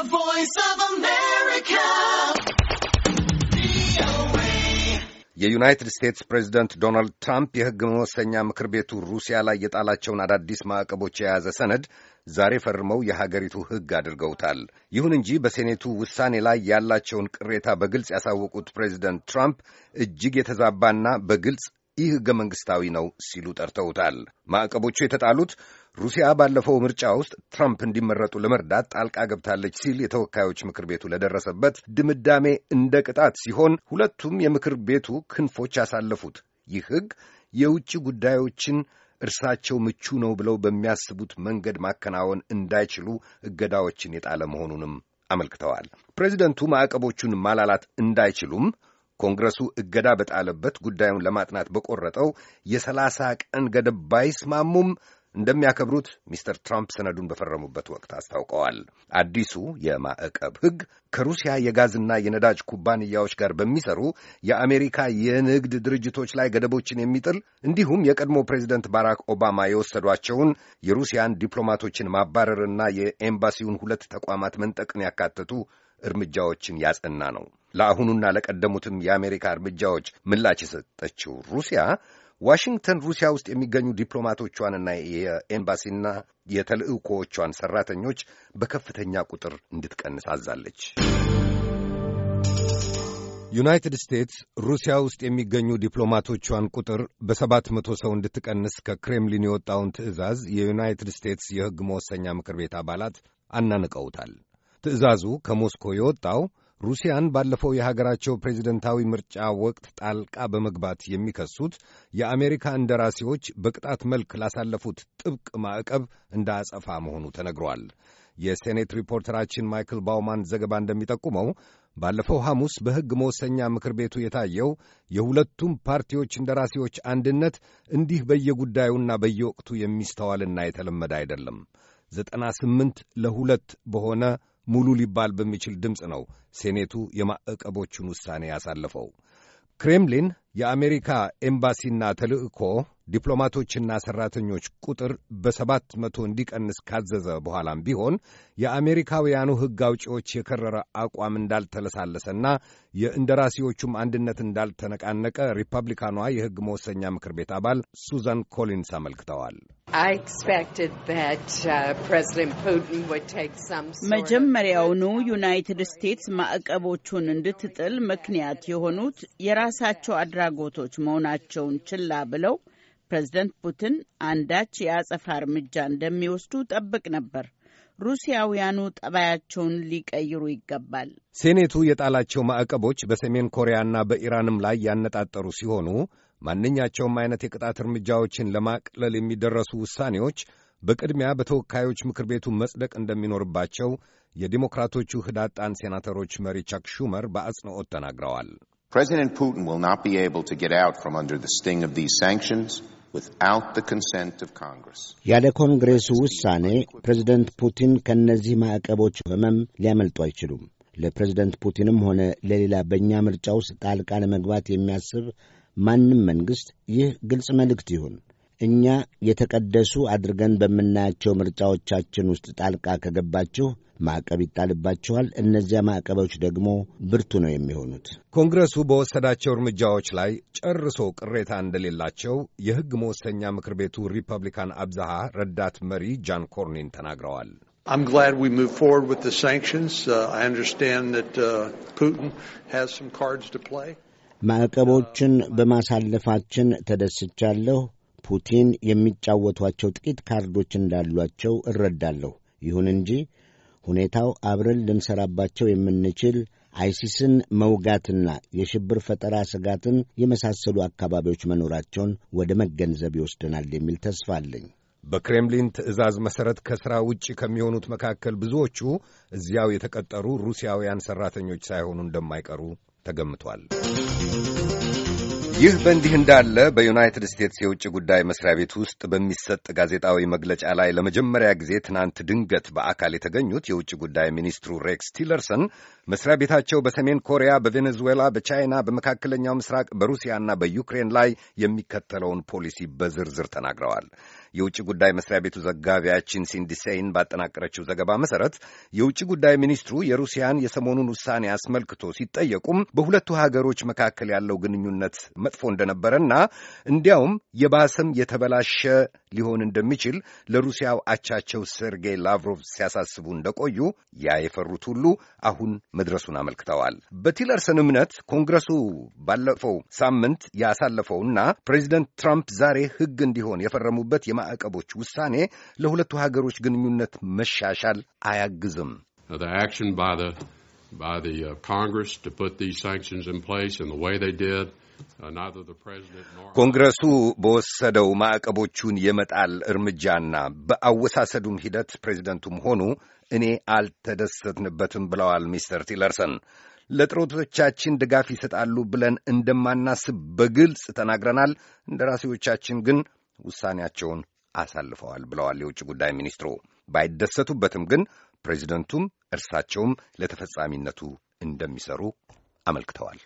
The Voice of America. የዩናይትድ ስቴትስ ፕሬዚደንት ዶናልድ ትራምፕ የሕግ መወሰኛ ምክር ቤቱ ሩሲያ ላይ የጣላቸውን አዳዲስ ማዕቀቦች የያዘ ሰነድ ዛሬ ፈርመው የሀገሪቱ ሕግ አድርገውታል። ይሁን እንጂ በሴኔቱ ውሳኔ ላይ ያላቸውን ቅሬታ በግልጽ ያሳወቁት ፕሬዚደንት ትራምፕ እጅግ የተዛባና በግልጽ ይህ ህገ መንግሥታዊ ነው ሲሉ ጠርተውታል። ማዕቀቦቹ የተጣሉት ሩሲያ ባለፈው ምርጫ ውስጥ ትራምፕ እንዲመረጡ ለመርዳት ጣልቃ ገብታለች ሲል የተወካዮች ምክር ቤቱ ለደረሰበት ድምዳሜ እንደ ቅጣት ሲሆን ሁለቱም የምክር ቤቱ ክንፎች ያሳለፉት ይህ ህግ የውጭ ጉዳዮችን እርሳቸው ምቹ ነው ብለው በሚያስቡት መንገድ ማከናወን እንዳይችሉ እገዳዎችን የጣለ መሆኑንም አመልክተዋል። ፕሬዚደንቱ ማዕቀቦቹን ማላላት እንዳይችሉም ኮንግረሱ እገዳ በጣለበት ጉዳዩን ለማጥናት በቆረጠው የሰላሳ ቀን ገደብ ባይስማሙም እንደሚያከብሩት ሚስተር ትራምፕ ሰነዱን በፈረሙበት ወቅት አስታውቀዋል። አዲሱ የማዕቀብ ሕግ ከሩሲያ የጋዝና የነዳጅ ኩባንያዎች ጋር በሚሰሩ የአሜሪካ የንግድ ድርጅቶች ላይ ገደቦችን የሚጥል እንዲሁም የቀድሞ ፕሬዚደንት ባራክ ኦባማ የወሰዷቸውን የሩሲያን ዲፕሎማቶችን ማባረርና የኤምባሲውን ሁለት ተቋማት መንጠቅን ያካተቱ እርምጃዎችን ያጸና ነው። ለአሁኑና ለቀደሙትም የአሜሪካ እርምጃዎች ምላች የሰጠችው ሩሲያ ዋሽንግተን ሩሲያ ውስጥ የሚገኙ ዲፕሎማቶቿንና የኤምባሲና የተልዕኮዎቿን ሠራተኞች በከፍተኛ ቁጥር እንድትቀንስ አዛለች። ዩናይትድ ስቴትስ ሩሲያ ውስጥ የሚገኙ ዲፕሎማቶቿን ቁጥር በሰባት መቶ ሰው እንድትቀንስ ከክሬምሊን የወጣውን ትዕዛዝ የዩናይትድ ስቴትስ የሕግ መወሰኛ ምክር ቤት አባላት አናንቀውታል። ትዕዛዙ ከሞስኮ የወጣው ሩሲያን ባለፈው የሀገራቸው ፕሬዚደንታዊ ምርጫ ወቅት ጣልቃ በመግባት የሚከሱት የአሜሪካ እንደራሴዎች በቅጣት መልክ ላሳለፉት ጥብቅ ማዕቀብ እንደ አጸፋ መሆኑ ተነግሯል። የሴኔት ሪፖርተራችን ማይክል ባውማን ዘገባ እንደሚጠቁመው ባለፈው ሐሙስ በሕግ መወሰኛ ምክር ቤቱ የታየው የሁለቱም ፓርቲዎች እንደራሴዎች አንድነት እንዲህ በየጉዳዩና በየወቅቱ የሚስተዋልና የተለመደ አይደለም። ዘጠና ስምንት ለሁለት በሆነ ሙሉ ሊባል በሚችል ድምፅ ነው ሴኔቱ የማዕቀቦቹን ውሳኔ ያሳለፈው። ክሬምሊን የአሜሪካ ኤምባሲና ተልዕኮ ዲፕሎማቶችና ሠራተኞች ቁጥር በሰባት መቶ እንዲቀንስ ካዘዘ በኋላም ቢሆን የአሜሪካውያኑ ሕግ አውጪዎች የከረረ አቋም እንዳልተለሳለሰና የእንደራሴዎቹም አንድነት እንዳልተነቃነቀ ሪፐብሊካኗ የሕግ መወሰኛ ምክር ቤት አባል ሱዛን ኮሊንስ አመልክተዋል። uh, መጀመሪያውኑ ዩናይትድ ስቴትስ ማዕቀቦቹን እንድትጥል ምክንያት የሆኑት የራሳቸው አድራጎቶች መሆናቸውን ችላ ብለው ፕሬዝደንት ፑቲን አንዳች የአጸፋ እርምጃ እንደሚወስዱ ጠብቅ ነበር። ሩሲያውያኑ ጠባያቸውን ሊቀይሩ ይገባል። ሴኔቱ የጣላቸው ማዕቀቦች በሰሜን ኮሪያና በኢራንም ላይ ያነጣጠሩ ሲሆኑ ማንኛቸውም አይነት የቅጣት እርምጃዎችን ለማቅለል የሚደረሱ ውሳኔዎች በቅድሚያ በተወካዮች ምክር ቤቱ መጽደቅ እንደሚኖርባቸው የዲሞክራቶቹ ህዳጣን ሴናተሮች መሪ ቻክ ሹመር በአጽንኦት ተናግረዋል። ፕሬዚደንት ፑቲን ያለ ኮንግሬሱ ውሳኔ ፕሬዝደንት ፑቲን ከእነዚህ ማዕቀቦች ህመም ሊያመልጡ አይችሉም። ለፕሬዝደንት ፑቲንም ሆነ ለሌላ በእኛ ምርጫ ውስጥ ጣልቃ ለመግባት የሚያስብ ማንም መንግሥት ይህ ግልጽ መልእክት ይሁን። እኛ የተቀደሱ አድርገን በምናያቸው ምርጫዎቻችን ውስጥ ጣልቃ ከገባችሁ ማዕቀብ ይጣልባችኋል። እነዚያ ማዕቀቦች ደግሞ ብርቱ ነው የሚሆኑት። ኮንግረሱ በወሰዳቸው እርምጃዎች ላይ ጨርሶ ቅሬታ እንደሌላቸው የሕግ መወሰኛ ምክር ቤቱ ሪፐብሊካን አብዛሃ ረዳት መሪ ጃን ኮርኒን ተናግረዋል። uh, uh, ማዕቀቦችን በማሳለፋችን ተደስቻለሁ። ፑቲን የሚጫወቷቸው ጥቂት ካርዶች እንዳሏቸው እረዳለሁ። ይሁን እንጂ ሁኔታው አብረን ልንሰራባቸው የምንችል አይሲስን መውጋትና የሽብር ፈጠራ ስጋትን የመሳሰሉ አካባቢዎች መኖራቸውን ወደ መገንዘብ ይወስደናል የሚል ተስፋ አለኝ። በክሬምሊን ትዕዛዝ መሠረት ከሥራ ውጭ ከሚሆኑት መካከል ብዙዎቹ እዚያው የተቀጠሩ ሩሲያውያን ሠራተኞች ሳይሆኑ እንደማይቀሩ ተገምቷል። ይህ በእንዲህ እንዳለ በዩናይትድ ስቴትስ የውጭ ጉዳይ መስሪያ ቤት ውስጥ በሚሰጥ ጋዜጣዊ መግለጫ ላይ ለመጀመሪያ ጊዜ ትናንት ድንገት በአካል የተገኙት የውጭ ጉዳይ ሚኒስትሩ ሬክስ ቲለርሰን መስሪያ ቤታቸው በሰሜን ኮሪያ፣ በቬኔዙዌላ፣ በቻይና፣ በመካከለኛው ምስራቅ፣ በሩሲያና በዩክሬን ላይ የሚከተለውን ፖሊሲ በዝርዝር ተናግረዋል። የውጭ ጉዳይ መስሪያ ቤቱ ዘጋቢያችን ሲንዲሴይን ባጠናቀረችው ዘገባ መሰረት የውጭ ጉዳይ ሚኒስትሩ የሩሲያን የሰሞኑን ውሳኔ አስመልክቶ ሲጠየቁም በሁለቱ ሀገሮች መካከል ያለው ግንኙነት መጥፎ እንደነበረና እንዲያውም የባሰም የተበላሸ ሊሆን እንደሚችል ለሩሲያው አቻቸው ሴርጌይ ላቭሮቭ ሲያሳስቡ እንደቆዩ ያ የፈሩት ሁሉ አሁን መድረሱን አመልክተዋል። በቲለርሰን እምነት ኮንግረሱ ባለፈው ሳምንት ያሳለፈውና ፕሬዚደንት ትራምፕ ዛሬ ሕግ እንዲሆን የፈረሙበት ማዕቀቦች ውሳኔ ለሁለቱ ሀገሮች ግንኙነት መሻሻል አያግዝም። ኮንግረሱ በወሰደው ማዕቀቦቹን የመጣል እርምጃና በአወሳሰዱም ሂደት ፕሬዚደንቱም ሆኑ እኔ አልተደሰትንበትም ብለዋል ሚስተር ቲለርሰን። ለጥረቶቻችን ድጋፍ ይሰጣሉ ብለን እንደማናስብ በግልጽ ተናግረናል። እንደራሴዎቻችን ግን ውሳኔያቸውን አሳልፈዋል ብለዋል የውጭ ጉዳይ ሚኒስትሩ። ባይደሰቱበትም ግን ፕሬዚደንቱም እርሳቸውም ለተፈጻሚነቱ እንደሚሰሩ አመልክተዋል።